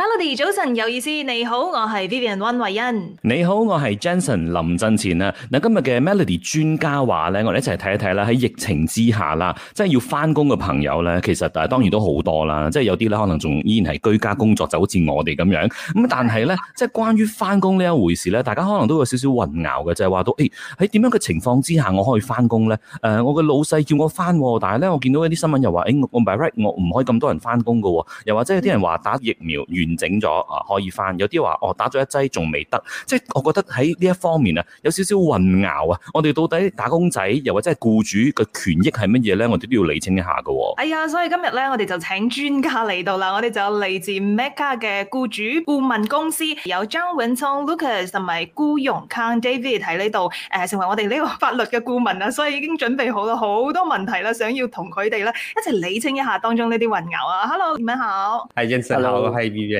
Melody，早晨有意思，你好，我係 Vivian 溫慧欣。你好，我係 Johnson 林振前啊。嗱，今日嘅 Melody 專家話咧，我哋一齊睇一睇啦。喺疫情之下啦，即係要翻工嘅朋友咧，其實誒，當然都好多啦。即係有啲咧，可能仲依然係居家工作，就好似我哋咁樣。咁但係咧，即係關於翻工呢一回事咧，大家可能都有少少混淆嘅，就係話到誒，喺、欸、點樣嘅情況之下，我可以翻工咧？誒、呃，我嘅老細叫我翻、啊，但係咧，我見到一啲新聞又話，誒、欸，我我唔可以咁多人翻工噶，又或者有啲人話打疫苗完。整咗啊，可以翻。有啲話哦，打咗一劑仲未得，即係我覺得喺呢一方面啊，有少少混淆啊。我哋到底打工仔又或者係僱主嘅權益係乜嘢咧？我哋都要理清一下嘅喎。係啊，所以今日咧，我哋就請專家嚟到啦。我哋就嚟自 Macca 嘅僱主顧問公司，有張永聰 Lucas 同埋顧容康 David 喺呢度，誒成為我哋呢個法律嘅顧問啊。所以已經準備好咗好多問題啦，想要同佢哋咧一齊理清一下當中呢啲混淆啊。Hello，點樣好？係，你好，係。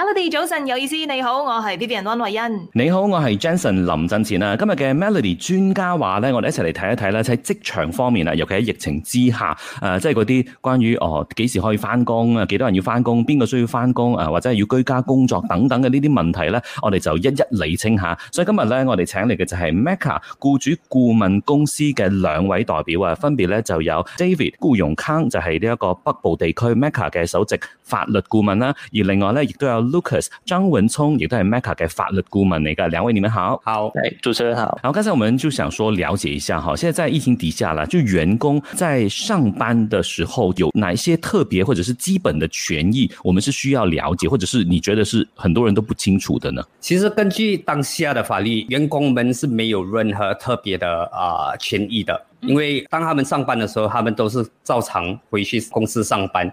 Hello 早晨，有意思，你好，我係 Vivian 安慧欣。你好，我是 Jenson 林振前啊。今日嘅 Melody 專家話咧，我哋一齊嚟睇一睇咧，喺職場方面啊，尤其喺疫情之下，誒、啊，即係嗰啲關於哦，幾時可以翻工啊？幾多人要翻工？邊個需要翻工啊？或者係要居家工作等等嘅呢啲問題咧，我哋就一一理清一下。所以今日咧，我哋請嚟嘅就係 MECA 雇主顧問公司嘅兩位代表啊，分別咧就有 David 顧榮康，就係呢一個北部地區 MECA 嘅首席。法律顧問啦，而另外呢，亦都要 Lucas、張文聰，亦都係 Meka 嘅法律顧問嚟噶。兩位，你們好。好，主持人好。然後剛才我們就想說了解一下，哈，現在在疫情底下啦，就員工在上班的時候有哪一些特別或者是基本的權益，我們是需要了解，或者是你覺得是很多人都不清楚的呢？其實根據當下的法律，員工們是沒有任何特別的啊、呃、權益的，因為當他們上班的時候，他們都是照常回去公司上班。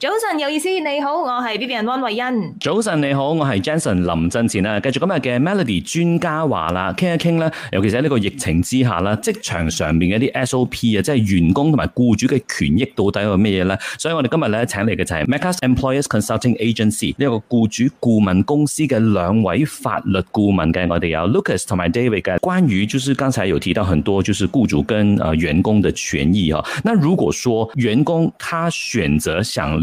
早晨有意思，你好，我係 B B 人安慧欣，早晨你好，我係 Jason 林振前啊。繼續今日嘅 Melody 專家話啦，傾一傾咧，尤其是喺呢個疫情之下啦，職場上面嘅一啲 S O P 啊，即係員工同埋僱主嘅權益到底係咩嘢咧？所以我哋今日咧請嚟嘅就係 Macas Employers Consulting Agency 呢個僱主顧問公司嘅兩位法律顧問嘅，我哋有 Lucas 同埋 David 嘅。關於就是剛才有提到很多，就是僱主跟誒員工嘅權益哈。那如果說員工他選擇想，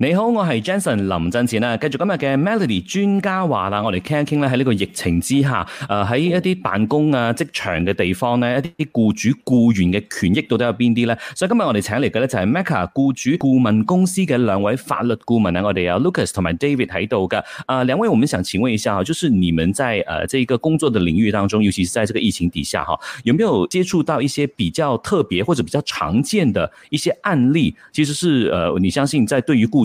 你好，我係 Jason 林振前啊。繼續今日嘅 Melody 專家話啦，我哋傾一傾咧喺呢個疫情之下，誒、呃、喺一啲辦公啊職場嘅地方咧，一啲雇主雇員嘅權益到底有邊啲咧？所以今日我哋請嚟嘅咧就係、是、Meka 雇主顧問公司嘅兩位法律顧問啊。我哋有、啊、Lucas 同埋 David 喺度嘅啊，兩、呃、位，我們想請問一下，就是你們在誒這一個工作的領域當中，尤其是在這個疫情底下，哈，有沒有接觸到一些比較特別或者比較常見的一些案例？其實是，誒、呃，你相信在對於雇